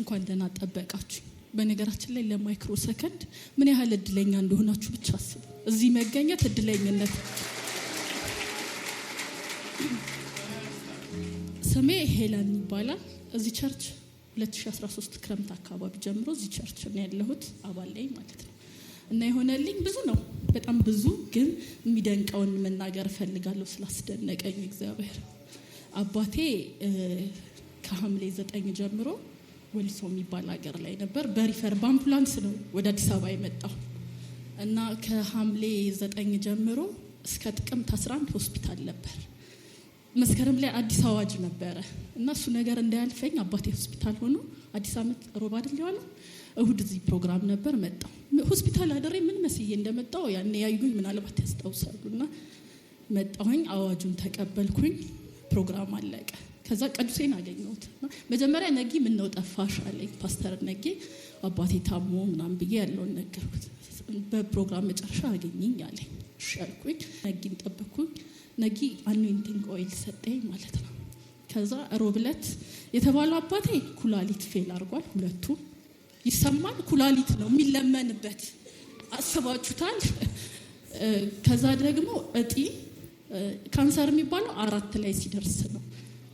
እንኳን ደህና ጠበቃችሁ። በነገራችን ላይ ለማይክሮ ሰከንድ ምን ያህል እድለኛ እንደሆናችሁ ብቻ አስቡ። እዚህ መገኘት እድለኝነት። ስሜ ሄለን ይባላል። እዚህ ቸርች 2013 ክረምት አካባቢ ጀምሮ እዚህ ቸርች ነው ያለሁት፣ አባል ላይ ማለት ነው። እና የሆነልኝ ብዙ ነው፣ በጣም ብዙ። ግን የሚደንቀውን መናገር እፈልጋለሁ ስላስደነቀኝ እግዚአብሔር አባቴ ከሐምሌ ዘጠኝ ጀምሮ ወሊሶ የሚባል ሀገር ላይ ነበር። በሪፈር በአምቡላንስ ነው ወደ አዲስ አበባ የመጣው እና ከሐምሌ ዘጠኝ ጀምሮ እስከ ጥቅምት 11 ሆስፒታል ነበር። መስከረም ላይ አዲስ አዋጅ ነበረ እና እሱ ነገር እንዳያልፈኝ አባቴ ሆስፒታል ሆኖ አዲስ ዓመት ሮብ አይደል የዋለ እሁድ እዚህ ፕሮግራም ነበር መጣው ሆስፒታል አድሬ ምን መስዬ እንደመጣው ያኔ ያዩኝ ምናልባት ያስታውሳሉ እና መጣሁኝ አዋጁን ተቀበልኩኝ ፕሮግራም አለቀ ከዛ ቅዱሴን አገኘሁት። መጀመሪያ ነጊ ምነው ጠፋሽ አለኝ። ፓስተር ነጌ አባቴ ታሞ ምናምን ብዬ ያለውን ነገርኩት። በፕሮግራም መጨረሻ አገኘኝ አለኝ። እሺ አልኩኝ። ነጊን ጠበኩኝ። ነጊ አኖይንቲንግ ኦይል ሰጠኝ ማለት ነው። ከዛ ሮብለት የተባለው አባቴ ኩላሊት ፌል አድርጓል። ሁለቱ ይሰማል። ኩላሊት ነው የሚለመንበት፣ አስባችሁታል። ከዛ ደግሞ እጢ ካንሰር የሚባለው አራት ላይ ሲደርስ ነው።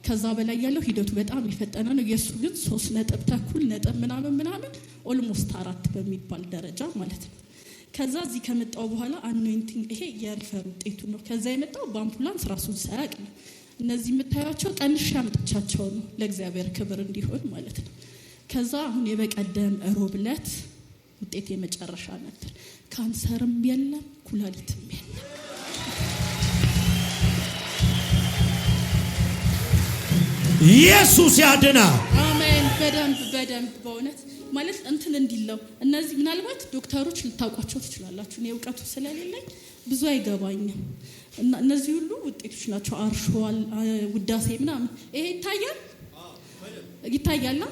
ከዛ በላይ ያለው ሂደቱ በጣም የፈጠነ ነው። የእሱ ግን ሶስት ነጥብ ተኩል ነጥብ ምናምን ምናምን ኦልሞስት አራት በሚባል ደረጃ ማለት ነው። ከዛ እዚህ ከመጣው በኋላ አኖይንቲንግ ይሄ የሪፈር ውጤቱ ነው። ከዛ የመጣው በአምቡላንስ ራሱን ሳያቅ ነው። እነዚህ የምታያቸው ጠንሻ አምጥቻቸው ነው ለእግዚአብሔር ክብር እንዲሆን ማለት ነው። ከዛ አሁን የበቀደም ሮብለት ውጤት የመጨረሻ ነበር። ካንሰርም የለም ኩላሊትም ኢየሱስ ያድና። አሜን። በደንብ በደንብ በእውነት ማለት እንትን እንዲለው እነዚህ ምናልባት ዶክተሮች ልታውቋቸው ትችላላችሁ። እኔ እውቀቱ ስለሌለኝ ብዙ አይገባኝም። እና እነዚህ ሁሉ ውጤቶች ናቸው። አርሸዋል፣ ውዳሴ ምናምን ይሄ ይታያል ይታያላ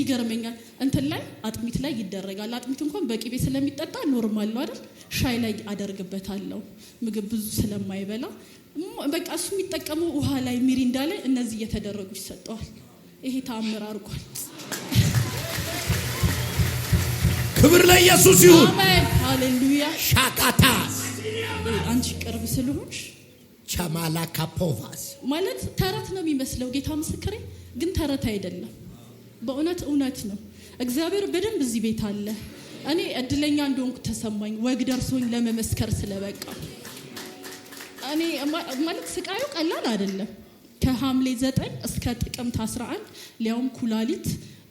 ይገርመኛል። እንትን ላይ አጥሚት ላይ ይደረጋል። አጥሚት እንኳን በቅቤ ስለሚጠጣ ኖርማል ነው አይደል? ሻይ ላይ አደርግበታለሁ። ምግብ ብዙ ስለማይበላ በቃ እሱ የሚጠቀመው ውሃ ላይ፣ ሚሪንዳ ላይ እነዚህ እየተደረጉ ይሰጠዋል። ይሄ ተአምር አድርጓል። ክብር ለኢየሱስ ይሁን። ሃሌሉያ። ሻካታ አንቺ ቅርብ ስለሆንሽ ቸማላ ካፖቫስ ማለት ተረት ነው የሚመስለው። ጌታ ምስክሬ ግን ተረት አይደለም። በእውነት እውነት ነው። እግዚአብሔር በደንብ እዚህ ቤት አለ። እኔ እድለኛ እንደሆንኩ ተሰማኝ፣ ወግ ደርሶኝ ለመመስከር ስለበቃ። እኔ ማለት ስቃዩ ቀላል አይደለም። ከሐምሌ ዘጠኝ እስከ ጥቅምት 11 ሊያውም ኩላሊት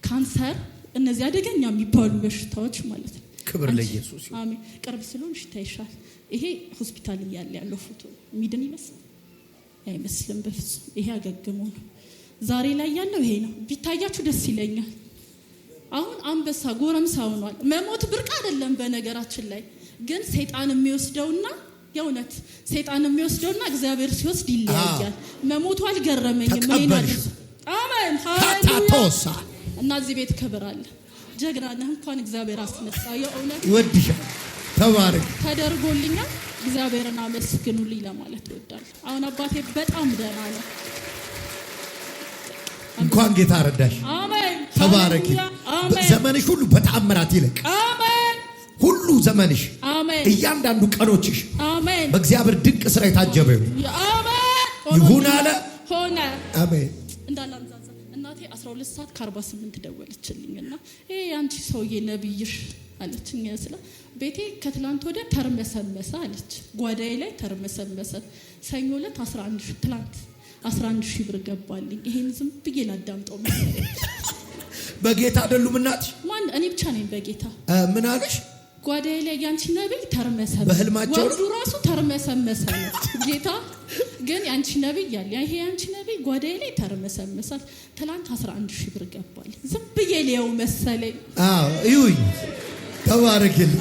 ካንሰር፣ እነዚህ አደገኛ የሚባሉ በሽታዎች ማለት ነው። ክብር ለኢየሱስ ይሁን። ቅርብ ስለሆንሽ ይታይሻል። ይሄ ሆስፒታል እያለ ያለው ፎቶ የሚድን ይመስል አይመስልም። በፍጹም ይሄ አገግሞ ነው። ዛሬ ላይ ያለው ይሄ ነው። ቢታያችሁ ደስ ይለኛል። አሁን አንበሳ ጎረምሳ ሆኗል። መሞት ብርቅ አይደለም። በነገራችን ላይ ግን ሰይጣን የሚወስደውና የእውነት ሰይጣን የሚወስደውና እግዚአብሔር ሲወስድ ይለያያል። መሞቱ አልገረመኝም። አሜን ሃሌሉያ። እና እዚህ ቤት ክብር አለ። ጀግና ነህ። እንኳን እግዚአብሔር አስነሳ። የእውነት ወድሻ ተባረክ ተደርጎልኛል። እግዚአብሔርን አመስግኑልኝ ለማለት እወዳለሁ። አሁን አባቴ በጣም ደህና ነው። እንኳን ጌታ ረዳሽ። ተባረኪ። ዘመንሽ ሁሉ በተአምራት ይለቅ። ሁሉ ዘመንሽ፣ እያንዳንዱ ቀኖችሽ በእግዚአብሔር ድንቅ ስራ የታጀበ ይሁን አለ ሆነ። አሜን። እንዳላንዛዛ እናቴ 12 ሰዓት ከ48 ደወለችልኝ እና ይሄ አንቺ ሰውዬ ነብይሽ አለችኝ። ስለ ቤቴ ከትላንት ወደ ተርመሰመሰ አለች። ጓዳዬ ላይ ተርመሰመሰ። ሰኞ ዕለት 11 ትላንት 11 ሺህ ብር ገባልኝ። ይሄን ዝም ብዬ ላዳምጠው መሰለኝ በጌታ አይደሉም እናት ማን እኔ ብቻ ነኝ በጌታ ምን አለሽ? ጓዳዬ ላይ ያንቺና ነቢይ ተርመሰመሰ። በህልማቸው ወንዱ ራሱ ተርመሰመሰ ጌታ ግን ያንቺ ነቢይ ያለ ይሄ ያንቺ ነቢይ ጓዳዬ ላይ ተርመሰመሳል። ትላንት 11 ሺህ ብር ገባል። ዝም ብዬ መሰለኝ። አዎ ተባረክልኝ።